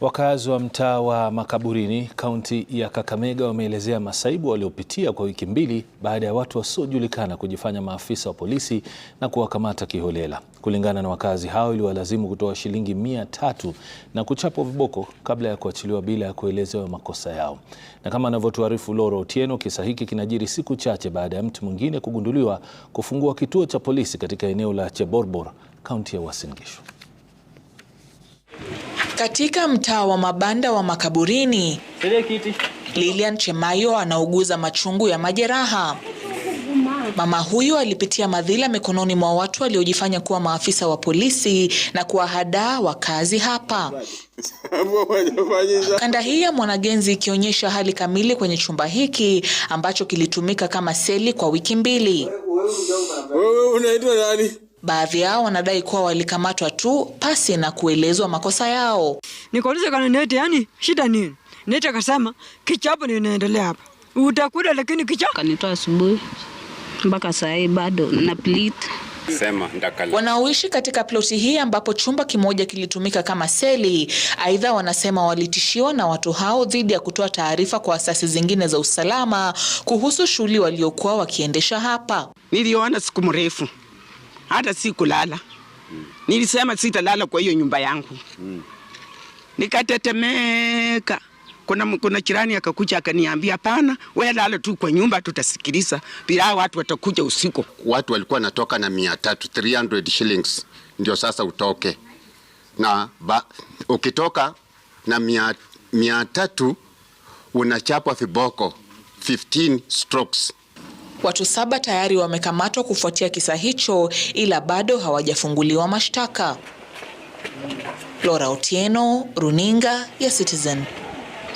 Wakazi wa mtaa wa Makaburini, kaunti ya Kakamega wameelezea masaibu waliopitia kwa wiki mbili baada ya watu wasiojulikana kujifanya maafisa wa polisi na kuwakamata kiholela. Kulingana na wakazi hao, iliwalazimu kutoa shilingi mia tatu na kuchapwa viboko kabla ya kuachiliwa bila ya kuelezewa makosa yao. Na kama anavyotuarifu Loro Otieno, kisa hiki kinajiri siku chache baada ya mtu mwingine kugunduliwa kufungua kituo cha polisi katika eneo la Cheborbor, kaunti ya Uasin Gishu. Katika mtaa wa mabanda wa Makaburini, Lilian Chemayo anauguza machungu ya majeraha. Mama huyu alipitia madhila mikononi mwa watu waliojifanya kuwa maafisa wa polisi na kuwahadaa wakazi hapa. Kanda hii ya Mwanagenzi ikionyesha hali kamili kwenye chumba hiki ambacho kilitumika kama seli kwa wiki mbili. unaitwa nani? Baadhi yao wanadai kuwa walikamatwa tu pasi na kuelezwa makosa yao. Nikauliza kana Nete, yani shida nini? Nete akasema kichapo ndio inaendelea hapa, utakuda lakini kichapo. Kanitoa asubuhi mpaka saa hii bado na plit wanaoishi katika ploti hii ambapo chumba kimoja kilitumika kama seli. Aidha, wanasema walitishiwa na watu hao dhidi ya kutoa taarifa kwa asasi zingine za usalama kuhusu shughuli waliokuwa wakiendesha hapa. Niliona siku mrefu hata sikulala mm. Nilisema sitalala kwa hiyo nyumba yangu mm. Nikatetemeka. Kuna, kuna chirani akakuja akaniambia, hapana, wewe lala tu kwa nyumba, tutasikiliza bila watu watakuja usiku. Watu walikuwa natoka na mia tatu 300 shillings ndio sasa utoke na ba, ukitoka na mia, mia tatu unachapwa viboko 15 strokes. Watu saba tayari wamekamatwa kufuatia kisa hicho ila bado hawajafunguliwa mashtaka. Laura Otieno, Runinga ya Citizen.